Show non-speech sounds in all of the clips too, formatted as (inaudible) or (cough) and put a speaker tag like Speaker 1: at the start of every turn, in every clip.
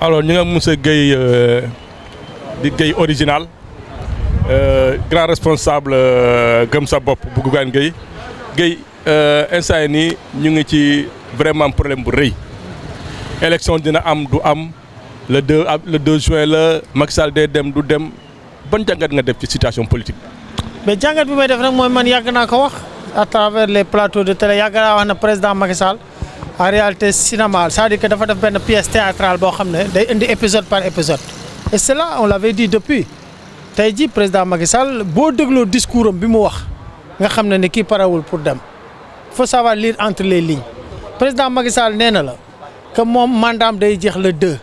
Speaker 1: alors ñu nga monsieur Guèye euh, di Guèye original euh, grand responsable euh, gëm sa bopp bu Bougane géey Guèye instant yi nii ñu ngi ci vraiment problème bu rëy élection dina am du am le 2 le 2 juin la Macky Sall dem du dem ban jàngat nga def ci situation politique
Speaker 2: mais jàngat bi may def rek mooy man yàgg naa ko wax à travers les plateaux de télé yàgg naa wax na président Macky Sall en réalité cinéma cest à dafa def benn pièce théâtrale boo xam ne day indi épisode par épisode et cela on l'avait dit depuis tey jii président Macky Sall boo dégloo discours am bi mu wax nga xam ne ne kii parewul pour dem faut savoir lire entre les lignes président Macky Sall nee na la que moom mandaam day jeex le deux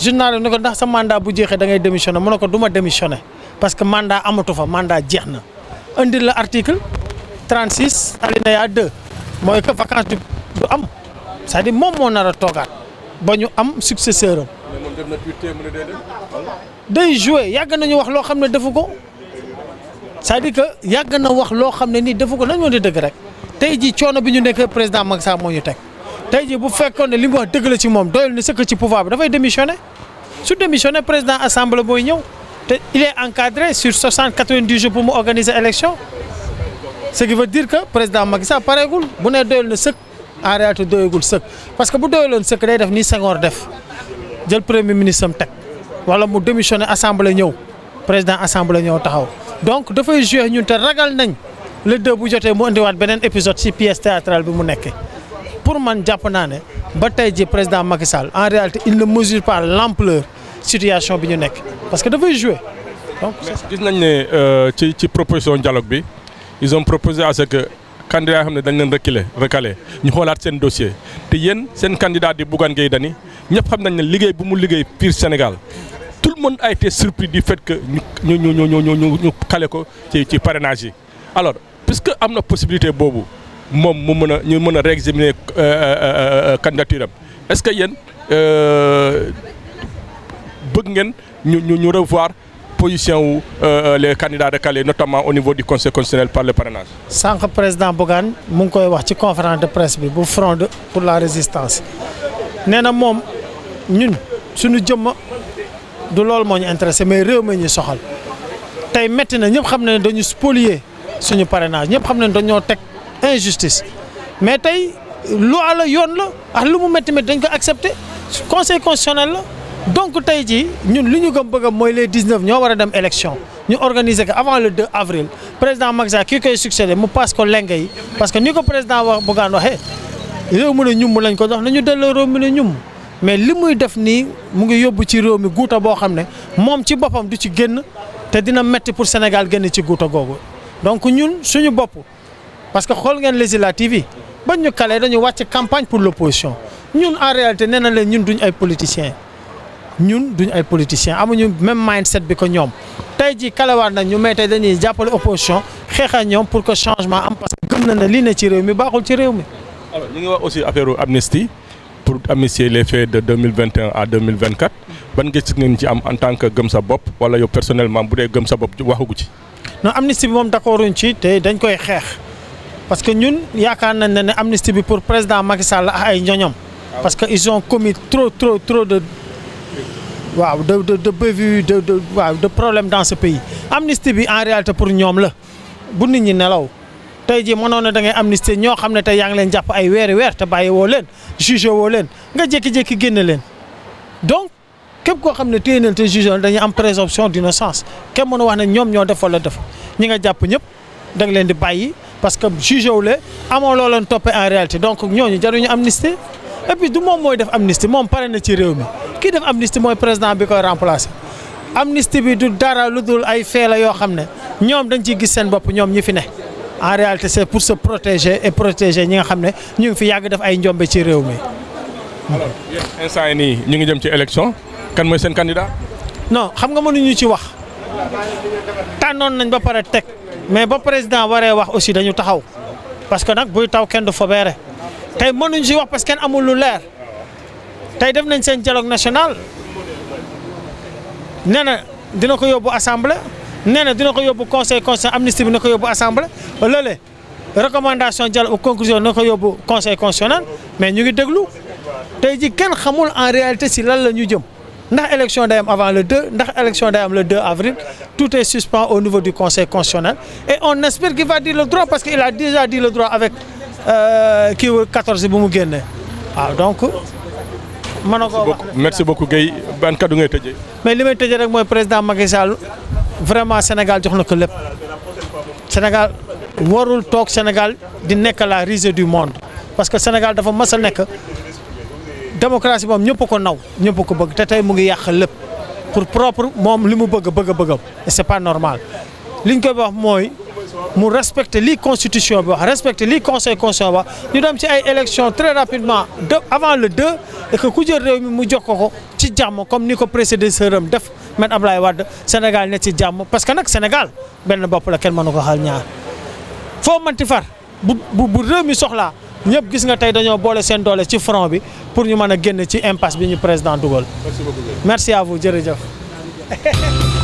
Speaker 2: journal ne ko ndax sa mandat bu jeexe da ngay démissionné mu ne ko du ma démissionné parce que mandat amatu fa mandat jeex na indi la article 36 alinéa 2 c'est-à-dire moom moo nar a toogaat ba ñu am successeur am. day joué yàgg na ñu wax loo xam ne defu ko cest di dire que yàgg na wax loo xam ne nii defu ko nañu woon di dëgg rek tey jii coono bi ñu nekk président Macky Sall moo ñu teg tey jii bu fekkoon ne li mu wax dëgg la ci moom doyul ni sëkk ci pouvoir bi dafay démissionné su démissionné président assemblée mooy ñëw te il est encadré sur 60 90 jours pour mu organiser élection ce qui veut dire que président Macky Sall pareegul bu ne doyul na en réalité doyagul sëkk parce que bu doyaloon sëkk day def ni Senghor def jël premier ministre am teg wala mu démissionné assemblée ñëw président assemblée ñëw taxaw donc dafay joué ñun te ragal nañ le bu jotee mu indiwaat beneen épisode ci pièce théâtrale bi mu nekkee pour man jàpp naa ne ba tey ji président Macky Sall en réalité il ne mesure pas l'ampleur situation bi ñu nekk parce que dafay joué
Speaker 1: donc gis nañ ne euh, ci ci proposition dialogue bi ils ont proposé à ce candidat yoo xam ne dañ leen reculer recalé ñu xoolaat seen dossier te yéen seen candidat di Bougane Gueye Dany ñëpp xam nañ ne liggéey bu mu liggéey fii Sénégal tout le monde a été surpris du fait que ñu ñu ñu ñu ñu ñu kale ko ci ci parrainage yi alors puisque am na possibilité boobu moom mu mën a ñu mën a réexaminer euh, euh, euh, candidature am est-ce que yéen bëgg ngeen ñu ñu ñu revoir. position wu euh, les candidats recalés notamment au niveau du conseil constitutionnel par le parrainage.
Speaker 2: sànq président Bougane mu ngi koy wax ci conférence de presse bi bu Front pour la résistance nee moom ñun suñu jëmm du loolu moo ñu intéressé mais réew mi ñu soxal tey métti na ñëpp xam ne dañu spolier suñu parrainage ñëpp xam ne dañoo teg injustice mais tey lu ala yoon la ak lu mu métti métti dañ ko accepté conseil constitutionnel la. donc tey jii ñun li ñu gëm bëgg mooy les 19 ñoo war a dem élection ñu organiser ko avant le 2 avril président Macky Sall kii koy succédé mu paas ko lenge yi parce que ni ko président wax Bougane waxee réew mu ne ñum lañ ko dox nañu delloo réew mu ne ñum mais li muy def nii mu ngi yóbbu ci réew mi guuta boo xam ne moom ci boppam du ci génn te dina metti pour Sénégal génn ci guuta googu donc ñun suñu bopp parce que xool ngeen législative yi bañ ñu kalee dañu wàcc campagne pour l' opposition ñun en réalité nee leen ñun duñ ay politiciens. ñun duñu ay politiciens amuñu même mindset bi ko ñoom tey jii kalewaat nag ñu may tey dañuy jàppale opposition xeex ñoom pour que changement am parce que gëm na ne lii ne ci réew mi baaxul ci réew mi.
Speaker 1: alors ñu ngi wax aussi à 2024 ban gis ngeen ci am en tant que gëm sa bopp wala yow personnellement bu dee gëm sa bopp waxagu ci.
Speaker 2: non amnistie bi moom d'accorduñ ci te dañ koy xeex parce que ñun yaakaar nañ ne ne amnistie bi pour président Macky Sall ay ñoñom ah parce que ils ont commis trop trop waaw de de de bévue de de waaw de problème dans ce pays amnistie bi en réalité pour ñoom la bu nit ñi nelaw tey jii mënoon na da ngay amnistie ñoo xam ne tey yaa ngi leen jàpp ay weeri weer te bàyyi woo leen jugé woo leen nga jékki-jékki génne leen donc képp koo xam ne téye nañ te jugé dañuy am présomption d'innocence kenn mënu wax ne ñoom ñoo def wala def ñi nga jàpp ñëpp da nga leen di bàyyi parce que jugé wu leen amoon loo leen toppee en réalité donc ñooñu jaruñu amnistie et puis du mooy def amnistie moom pare na ci réew mi. kii def amnistie mooy président bi koy remplacer amnistie bi du dara lu dul ay feela yoo xam ne ñoom dañ ciy gis seen bopp ñoom ñi fi ne en réalité c'est pour se protéger et protéger ñi nga xam ne ñu ngi fi yàgg def ay njombe ci réew mi.
Speaker 1: alors instant yi ñu ngi jëm ci élection kan mooy seen candidat.
Speaker 2: non xam nga mënuñu ci wax tànnoon nañ ba pare teg mais ba président waree wax aussi dañu taxaw parce que nag buy taw kenn du fobeere tey mënuñu ci wax parce que tey def nañ seen dialogue national nee na dina ko yóbbu assemblée nee na dina ko yóbbu conseil constitutionnel amnistie bi na ko yóbbu assemblée loolee recommandation dialogue conclusion na ko yóbbu conseil mais ñu ngi déglu tey ji kenn xamul en réalité si lan la ñu jëm ndax élection day avant le 2 ndax élection day am le 2 avril tout est suspens au niveau du conseil constitutionnel et on espère qu'il va dire le droit parce qu'il a déjà dit le droit avec euh, kii 14 bu mu génnee waaw donc mënoo koo wax merci beaucoup Guèye ban kaddu ngay tëjee. mais li may tëjee rek mooy président Macky vraiment Sénégal jox na ko lépp Sénégal warul toog Sénégal di nekk la risée du monde parce que Sénégal dafa mas a nekk démocratie moom ñëpp ko naw ñëpp ko bëgg te tey mu ngi yàq lépp pour propre moom li mu bëgg bëgg bëgg et c'est pas normal liñ koy wax mooy. mu respecter li constitution bi wax respecter li conseil constitution wax ñu dem ci ay élection très rapidement de avant le 2 et ku jël réew mi mu jox ko ko ci jàmm comme ni ko prédécesseur am def Me Abdoulaye Wade Sénégal ne ci jàmm parce que nag Sénégal benn bopp la kenn mënu ko xal ñaar foo manti far bu bu réew mi soxla ñëpp gis nga tey dañoo boole seen doole ci front bi pour ñu mën a génn ci impasse bi ñu président dugal merci à vous jërëjëf (laughs)